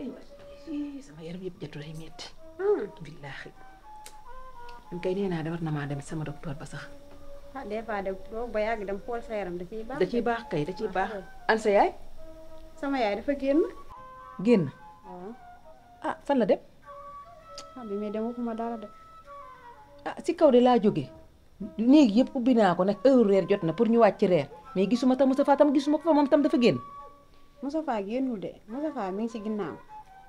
aywa sama yaram yëpp jotulay metti billaahi man kay nee naa de war na maa dem sama docteur ba sax ah des fois de toog ba yàgg dem xool sa yaram da ciy baax da ciy baax kay da ciy baax an sa yaay sama yaay dafa génn génn ah fan la dem ah bi muy dem waxuma dara de ah si kaw de laa jóge néegi yëpp ubbi naa ko nag heure reer jot na pour ñu wàcc reer mais gisuma tam Moustapha tam gisuma ko fa moom tam dafa génn Moustapha génnul de Moustapha mi ci ginnaaw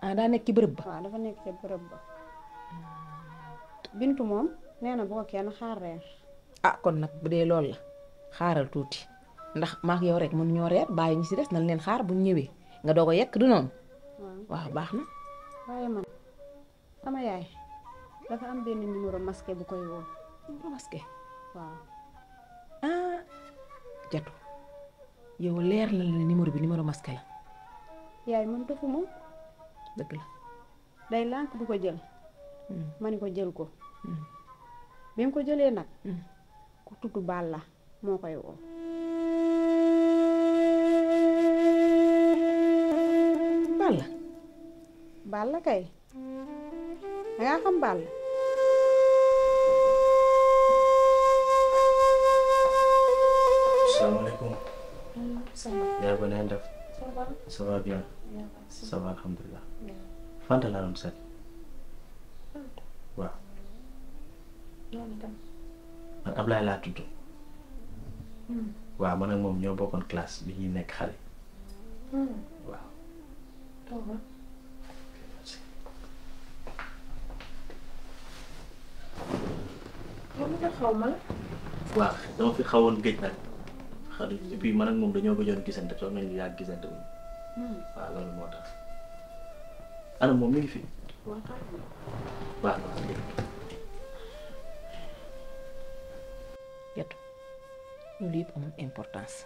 ada nek nekk ci bërëb ba. wa dafa nek ci bërëb ba. bintu mom neena bu ko kenn xaar ah kon nak bu dee la xaaral tuuti ndax ak yow rek mun ñoo reer bàyyi ñi ci des nal leen xaar bu ñëwé nga dogo yek du noonu. wa baax na. man sama yaay dafa am benn numéro masqué bu koy wo numéro masqué. wa ah jatu yow leer la numéro bi numéro masqué la. yaay man dafa mom deug la day lànk du ko jël hmm. ma ni ko jël ko hmm. bi mu ko jëlee nag hmm. ku tuddu balla mo koy wo balla balla kay nga xam baal la salaamaaleykum ya bu neen ça va ça alhamdulilah. Fanta laa doon seet. waaw. Hmm. waaw man ak moom ñoo bokkoon classe bi ñuy nekk xale. Hmm. waaw. dama fi xawoon géej nag. xarit et puis man ak moom dañoo gëjoon gisante toog nañ yàgg gisante wuñ waaw loolu moo tax ana moom mi ngi fi baax na yetu loolu yëpp amul importance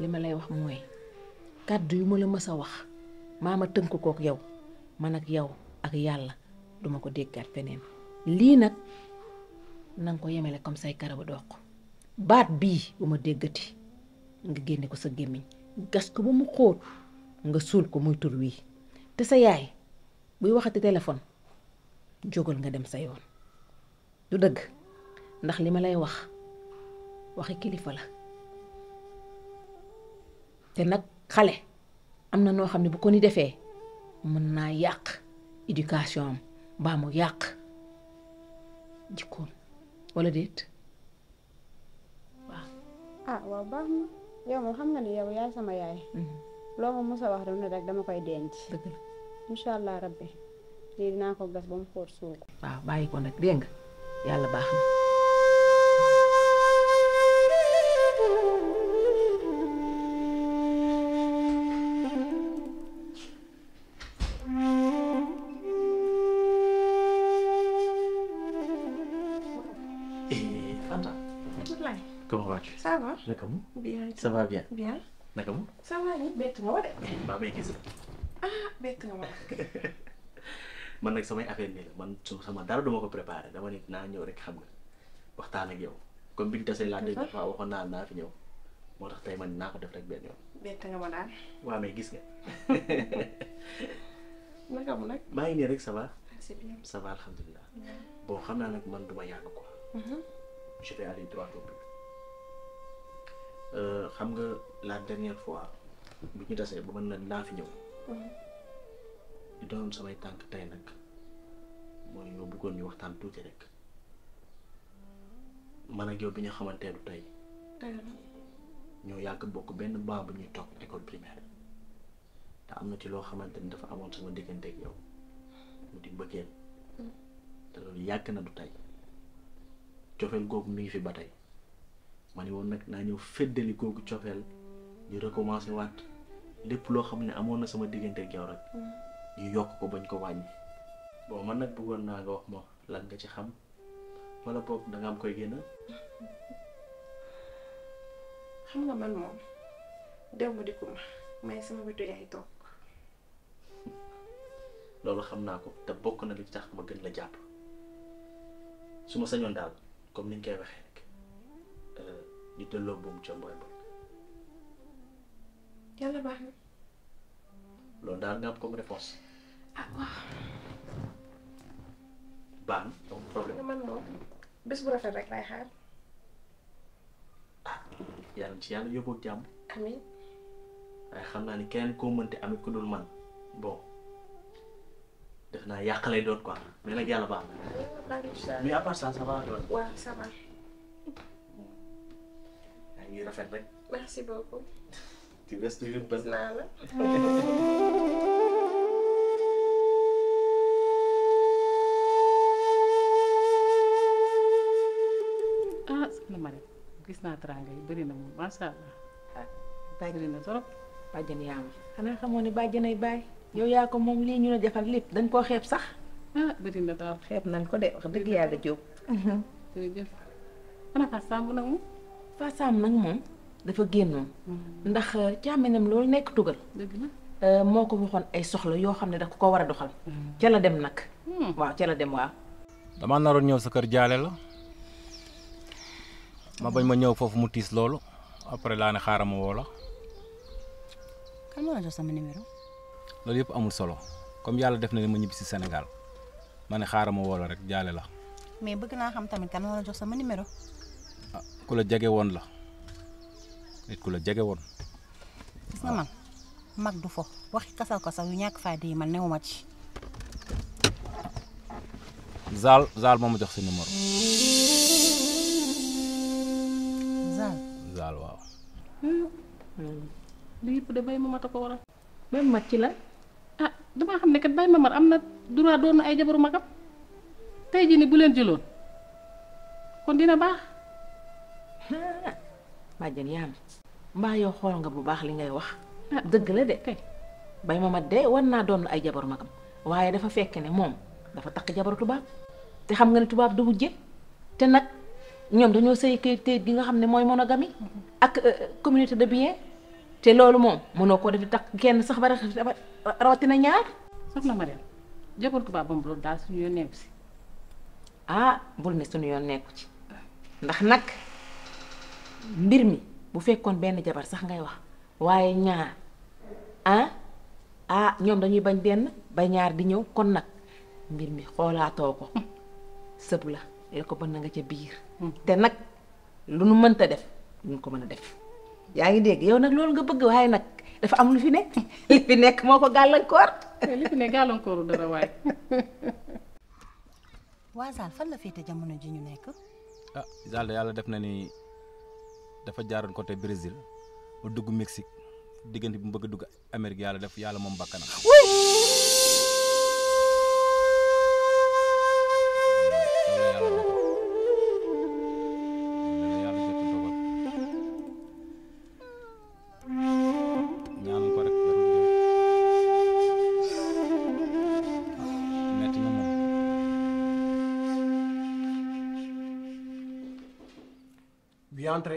li ma lay wax mooy kàddu yu ma la mës a wax maama tënk kook yow man ak yow ak yàlla duma ko déggaat feneen lii nag na ko yemele comme say karabu doq baat bii bu ma déggati nga génne ko sa gémmiñ gas ko ba mu xóot nga suul ko muy tur wii te sa yaay buy waxati téléphone jógal nga dem sa yoon du dëgg ndax li ma lay wax waxi kilifa la te nag xale am na noo xam ne bu ko ni defee mën naa yàq éducation am baa mu yàq jikkoon wala déet ah waaw baax na yow moom xam nga ni yow yaay sama yaay. Mhm. loo ma mos wax rek ne rek dama koy denc. dëgg la incha allah rabbi ko gas ba mu xóot suuf. waaw bàyyi ko nag dégg nga yàlla baax na. naka mu. bien naka mu. ça nit bett nga ma de. maa may gis. ah man nag samay affaire nii la man su sama dara duma ko préparé dama nit naa ñëw rek xam nga waxtaan ak yow kon bi ñu tasee laa dégg waaw waxoon naa naa fi ñëw moo tax tey man naa ko def rek benn yoon. bett nga ma daal. waaw mais gis nga. naka mu nag. maa ngi nii rek ça va. Ah, alhamdulilah. Mm-hmm. bon xam naa nag man duma yàgg quoi. Mm-hmm. Euh, xam nga la dernière fois bi ñu tasee ba mën na laa fi ñëw di mhm. doon samay tànk tey nag mooy ñoo bëggoon ñu waxtaan tuuti rek man ak yow bi ñu xamantee du tey ñoo yàgg bokk benn baax bu ñuy toog école primaire te am na ci loo xamante ni dafa amoon sama diggante ak yow mu di bëggee mhm. te loolu yàgg na du tey cofeel googu mi ngi fi ba tey ma ne woon nag naa ñëw feddali kooku cofeel ñu recommencé waat lépp loo xam ne amoon na sama diggante ak yow yokk ko bañ ko wàññi. bon man nag bëggoon naa nga wax ma lan nga ci xam walla boog da am koy génn. xam nga man moom dem ma dikku ma may sama wetu yaay toog. loolu xam naa ko te bokk na li tax ma gën la jàpp su ma sañoon daal comme ni nga koy waxee rek. di delloo buum ca baax na loolu daal nga am comme réponse ah baax na man moom bés bu rafet rek lay xaar ah yàlla ci yàlla yóbbu jàmm amiin waaye xam naa ni keneen koo mënte amit ku dul man bon def naa yàq lay doon quoi mais nag yàlla baax na mais à part ça ça va doon waaw ça va Irina Franklin. Merci beaucoup. Tu restes toujours bonne. ah soxna Marie gis naa teraanga yi bëri na moom macha allah. ah bëri na trop. bàjjan yaa ma. xanaa xamoo ne bàjjanay baay. yow yaa ko moom lii ñu la defal lépp dañ koo xeeb sax. ah bëri na daal xeeb nañ ko de wax dëgg yàlla Diop. jërëjëf. ana Fatou Samb nag moom. Fassam nag moom dafa génnoon mm-hmm. ndax euh, càmminam loolu nekk tugal euh, moo ko waxoon ay soxla yoo xam ne daf ko war a doxal mm-hmm. ca la dem nag hmm. waaw ca la dem waaw damaa naroon ñëw sa kër jaale la ma bañ ma ñëw foofu mu tiis loolu après laa ne xaaral ma woo la kan jox sama numéro loolu yëpp amul solo comme yàlla def na ni ma ñibbi si Sénégal ma ne xaaral ma woo la rek jaale la mais bëgg naa xam tamit kan jox sama numéro kula jage won la nit kula jage won gis na man mag du fo waxi kasaw kasaw yu ñak fa di man newuma ci. Zal Zal momu jox sa numéro. Zal. Zal waaw. Hmm. lii yëpp de bay ma mat a ko waral. bay ma ci la ah dama xamne kat bay ma amna am na droit doon ay jabaru magam tay jii ni bu len jëloon kon dina bax bàjjen yaa mi mbaa yow xool nga bu baax li ngay wax ah. dëgg la de kay bay ma ma de war naa doon ay jabaru magam waaye dafa fekk ne moom dafa takk jabaru tubaab te xam nga ne tubaab du wujje te nag ñoom dañoo sëy kayit gi nga xam ne mooy monogamie mm-hmm. ak euh, communauté de biens te loolu moom mënoo ko def di takk kenn sax ba rawatina ñaar la ma dem jabaru tubaab moom loolu daal suñu yoon nekku si ah bul ne suñu yoon nekku ci ndax nag mbir mi bu fekkoon benn jabar sax ngay wax waaye ñaar ah ah ñoom dañuy bañ benn ba ñaar di ñëw kon nag mbir mi xoolaatoo ko sëb la yéen ko mën na nga ca biir hmm. te nag lu nu mënta def duñ ko mën a def yaa ngi dégg yow nag loolu nga bëgg waaye nag dafa am lu fi ne li fi nekk moo ko gàllankoor li fi ne gàllankooru dara waaye waa Zal fan la féete jamono ji ñu nekk ah Zal yàlla def na ni dafa jaaroon côté Brésil ba dugg Mexique diggante bi mu bëgg dugg Amérique yàlla def yàlla moom bakkana entré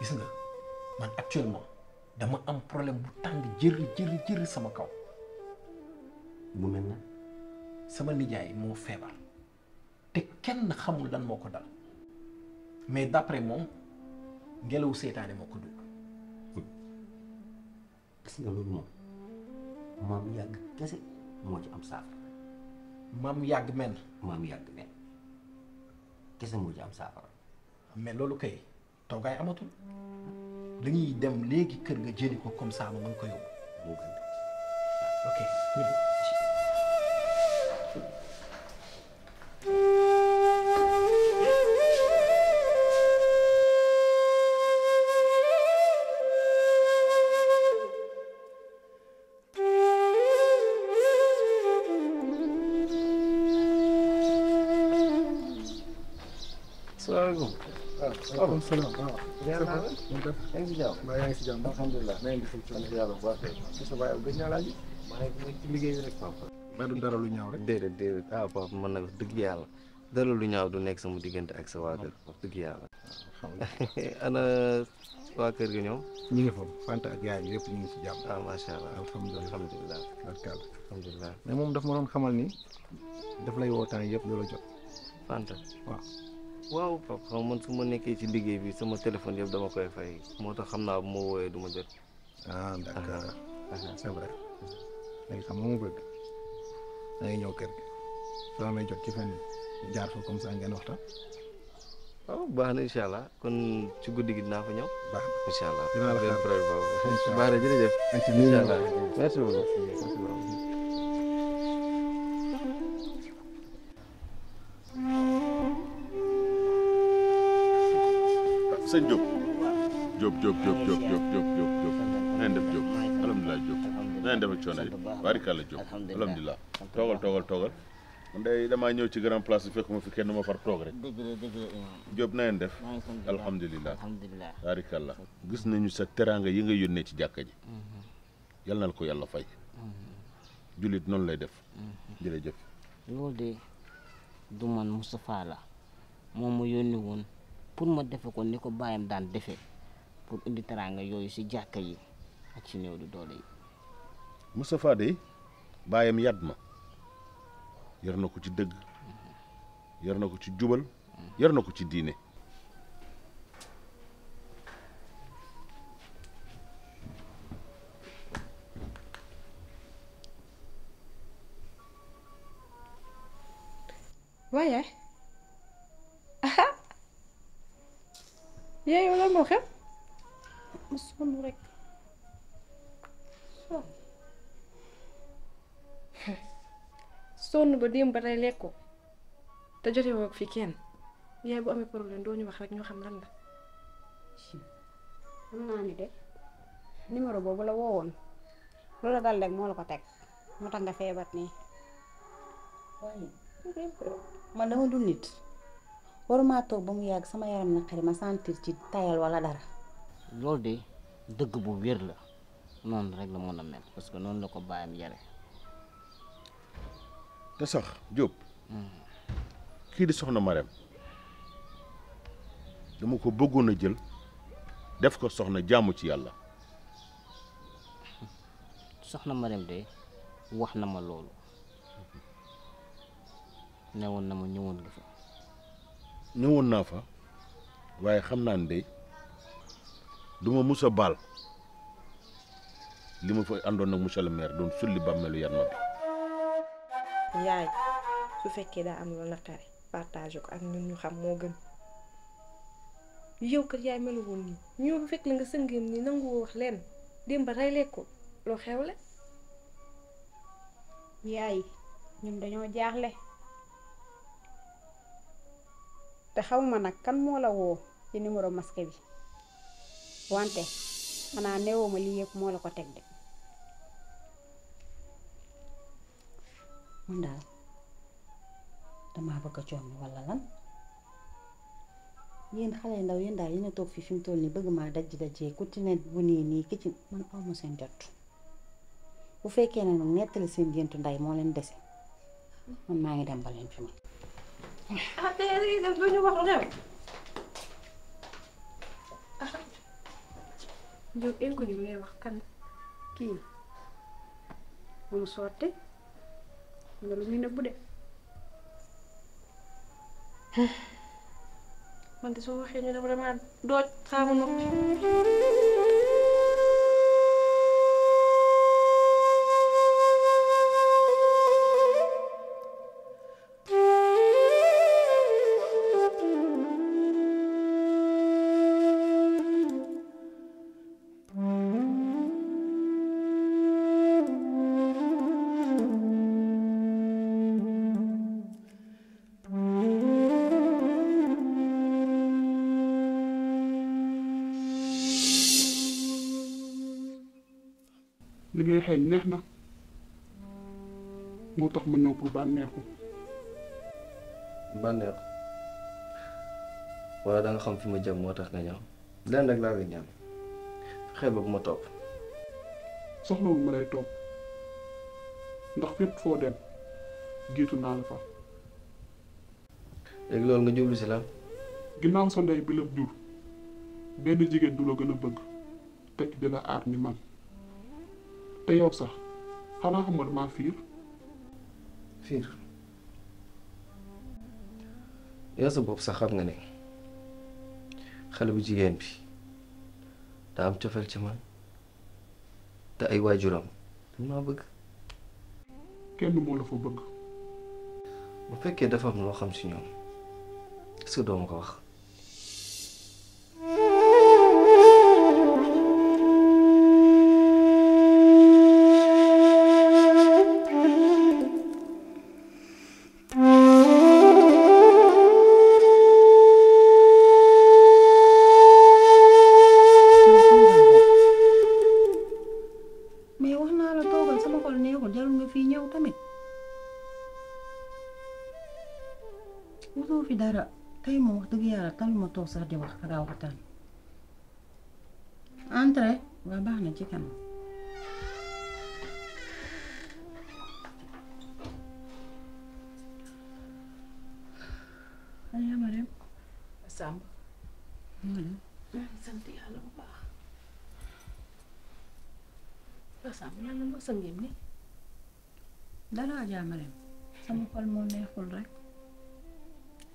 gis nga man actuellement dama am problème bu tang jëri jëri jëri sama kaw bu mel na sama nijaay mo febar te kenn xamul lan moko dal mais d'après mom ngelaw setané moko dug hm. gis nga loolu mom mam yag kessé mo ci am safar mam yag men mam yag men kessé mo ci am safar mais lolu kay toogaay amatul dañuy dem léegi kër nga jëli ko comme ça ma ok. Alhamdulillah, Selam. Yang sejauh. Yang sejauh. Alhamdulillah. Nah, yang sejauh. Alhamdulillah. Bisa bayar bisnya lagi. Mana yang liggéey rek papa. Ba du dara lu ñaaw rek. Déedéet déedéet. Ah papa man nag dëgg yàlla. Dara lu ñaaw du nekk sama diggante ak sa waa kër. Wax dëgg yàlla. Ana waa kër gi allah. Alhamdulillah. Alhamdulillah. Alhamdulillah. Mais moom daf ma doon xamal ni daf lay woo temps yëpp du la waaw Pape xam man su ma nekkee ci liggéey bi sama téléphone yëpp dama koy fay moo tax xam naa bu ma wooyee du ma jot. ah d' accord ah, ah, ah. c' est vrai léegi nga mu bëgg da ñëw kër gi soo amee jot ci fenn jaar fa comme ça ngeen waxtaan. waaw oh, baax na incha kon ci guddi gi naa fa ñëw. baax na incha allah dinaa la baax na jërëjëf. merci beaucoup merci sëñ Diop Diop Diop Diop Diop Diop Diop Diop Diop na ngeen def Diop alhamdulilah Diop na ngeen def ak coono yi barikàlla Diop alhamdulilah toogal toogal toogal man day damaa ñëw ci grand place fekk ma fi kenn ma far toog rek dëgg la dëgg na ngeen def alhamdulilah la barikàlla gis nañu sa teraanga yi nga yónnee ci jàkka ji mhm. yal na la ko yàlla fay mhm. jullit noonu lay def mhm. jërëjëf loolu de du man la moom mu yónni woon pour ma defe ko ni ko bàyyam daan defe pour indi teraanga yooyu si jàkka yi ak si néew di doole yi Moustapha de bàyyam yàdd ma yar na ko ci dëgg mm-hmm. yar na ko ci jubal yar na ko ci diine ñun ba tey lekku te jotté ak fi kenn yaay bu amé problème doo ñu wax rek ñu xam lan la. xam hmm, naa ni dé numéro bobu la wowon loolu dal rek mo la ko tek mo tax nga feebar ni man dama dul nit waruma toog ba mu yàgg sama yaram na xari ma sentir ci tayal wala dara. loolu de dëgg bu wér la noonu rek la mën a mel parce que noonu la ko bàyyam yare te sax Diop kii di soxna Marème dama ko bëggoon a jël def ko soxna jàmm ci yàlla soxna Marème de wax na ma loolu newoon na ma ñëwoon nga fa ñëwoon naa fa waaye xam naa ne de du ma mus a baal li ma fa àndoon nag monsieur le maire doon sulli bàmmeelu Yann bi yaay su fekkee daa am lu naqari partage ko ak ñun ñu xam moo gën yow kat yaay melu woon nii ñëw bu fekk la nga sëngéem nii nangu wax leen démb rey lekkul loo xewle yaay ñun dañoo jaaxle te xaw ma nag kan moo la woo ci numéro masque bi wante xanaa newoo ma lii yëpp moo la ko teg de man daal damaa bëgg a jommi walla lan yéen xale yi ndaw yéen daal yéen toog fii fi mu toll nii bëgg maa dajj dajee ku ne bu nii nii ki ci man aw seen jot bu fekkee ne nag nettali seen géntu nday moo leen dese man maa ngi dem ba fi man. Ah, ah. kii mu sotti. nga muy nëbbu de man de soo waxee ñu dama dama dooj xaamu noppi xeeñ neex na moo tax ma nopp bànneexu bànneexu wala da nga xam fi ma jëm moo tax nga ñëw lenn rek laa nga ñaan xel bu ma topp soxlawul ma lay topp ndax fépp foo dem jiitu naa la fa léegi loolu nga jublu si la ginnaaw sa ndey bi la jur benn jigéen du la gën a bëgg te di la aar ni man te yow sax xanaa xam nga damaa fiir fiir yow sa bopp sax xam nga ne xale bu jigéen bi daa am cofeel ci man te ay waajuram dañ maa bëgg kenn moo la fa bëgg bu fekkee dafa am loo xam si ñoom est-ce que doo wax toog di wax ak a waxtaan entre waa baax na ci kanam ay mare sam Samb maa ngi sant yàlla bu baax waa Samb lan ni dara ja Marème sama xol mo neexul rek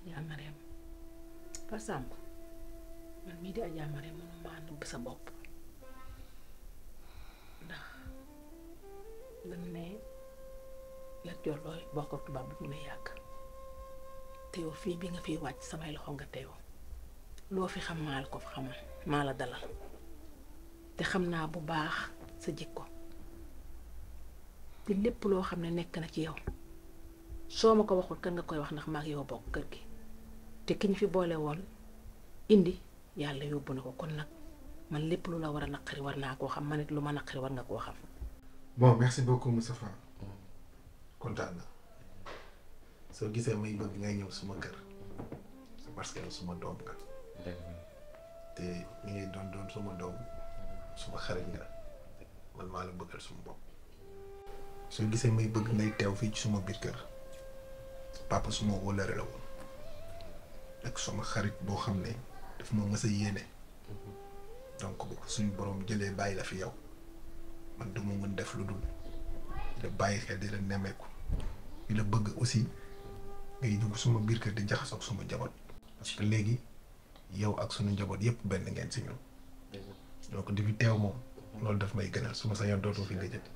Adja ya, Marème par sàmp man mii di Adja Marie nëbb sa bopp ndax dañ ne Lat Joor looy bokk ak tubaab bu mu lay yàgg teew fii bi nga fiy wàcc samay loxo nga teew loo fi xam maa la ko xamal maa la dalal te xam naa bu baax sa jikko te lépp loo xam ne nekk na ci yow soo ma ko waxul kan nga koy wax ndax maa ak bokk kër gi te ki ñu fi boole woon indi yàlla yóbbu na ko kon nag man lépp lu la war a naqari war naa koo xam man nit lu ma naqari war nga koo xam. bon merci beaucoup Moustapha kontaan na soo gisee may ñëw suma kër parce que suma doom te ñi ngay doon doon suma doom suma xarit nga man maa la bëggal suma soo gisee may bëgg ngay teew fii ci suma biir kër papa suma wóllare la woon. ak sama xarit boo xam ne daf ma mës a yéene donc suñu boroom jëlee bàyyi la fi yow man du ma mën def lu dul di bàyyi xel di la nemmeeku di la bëgg aussi ngay dugg suma biir kër di jaxasoo suma njaboot parce que léegi yow ak sunu njaboot yëpp benn ngeen si ñun donc di fi teew moom loolu daf may gënal su ma sañoon dootoo fi nga jënd.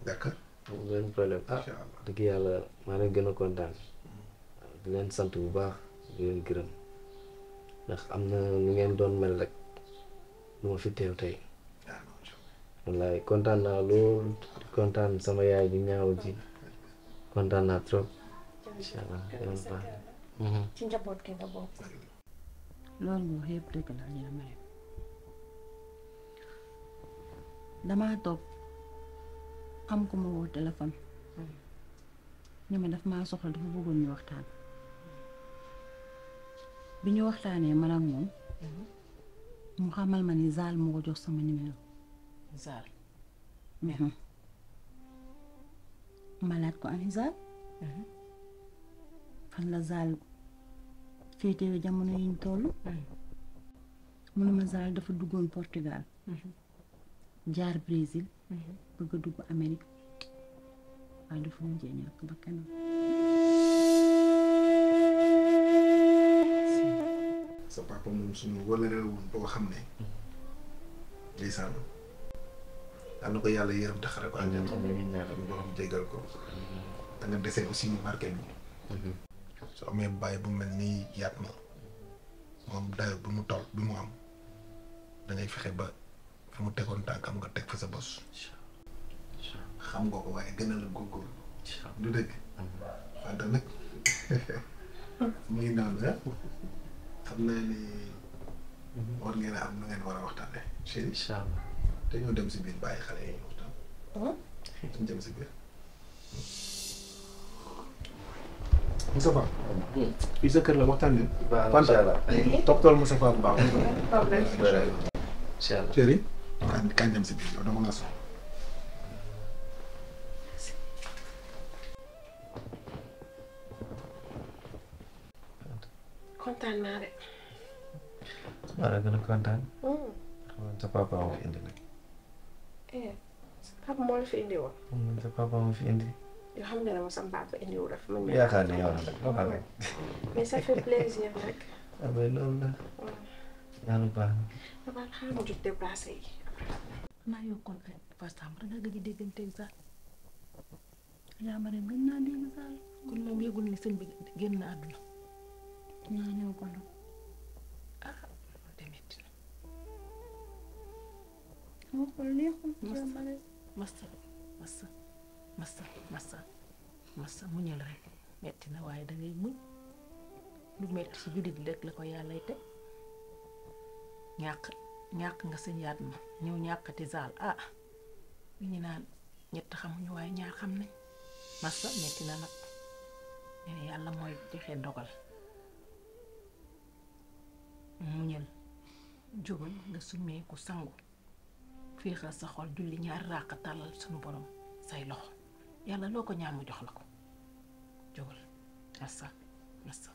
incha ah, yàlla maa leen gën kontaan di leen sant bu baax. di leen gërëm doon mel rek loolu yaay di ñaaw ji kontaan naa mhm. nga bokk loolu moo yëpp dëgg la ñu damaa toog am ku woo téléphone ñu mhm. ma daf maa soxla dafa bëggoon waxtaan bi ñu waxtaanee man ak moom mu xamal ma ni Zal moo ko jox sama numéro. Zal. Mhm. ma laaj ko ani Zal. Mhm. fan la Zal féetewee jamono yi ñu toll. Mhm. munuma Zal dafa duggoon Portugal. jaar Brésil. bëgg a dugg Amérique waaye dafa mujjee ñàkk ba kenn. sa papa moom suñu wolale woon boo xam ne ndeysaan yal na ko yàlla yërëm taxare ko àjjana suñu borom jégal ko da nga desee aussi ñu barke bi soo amee bàyyi bu mel ni yaat ma moom day bu mu toll bi mu am da ngay fexe ba fi mu tegoon tànkam nga teg fa sa bos xam nga ko waaye gën a la góorgóorlu du dëgg wante nag muy naan la ah xam naa ni war ngeen a am na ngeen war a waxtaanee. chéri baik kali dem si biir bàyyi xale yi ñu waxtaan. ñu dem si biir. Moustapha. fii sa kër la kan kan dem si biir yow kontaan naa de. maa la gën a kontaan. xamoon sa papa moo fi indi nag. eh sa papa moo la fi indi woon. moom sa papa moo fi indi. yoo xam nga ne moom sama papa indi wu dafa mën. yaakaar ne yow la nag loo xam ne. mais ça fait plaisir nag. ah mais loolu la. yàlla baax na. damaa xaaral ma jóg déplacé yi. naa yokkoon ay pastam da nga gëj a dégganteeg sax yaa ma ne mën naa dégg sax kon moom yëgul ni sëñ bi génn na àdduna. ñaanew ko ndox ah demit na muñal rek metti na waaye dangay muñ lu metti ci jullit la ko yàllay te ñàkk ñàkk nga sëñ yaat ñëw ñàkkati zaal ah li naan ñett xamuñu waaye ñaar xam nañ massa metti na nag yàlla mooy joxe dogal muñal jógal nga summeeku sangu féexal sa xol julli ñaar ràq tàllal sunu borom say loxo yàlla loo ko ñaan jox la ko jógal nasa nasa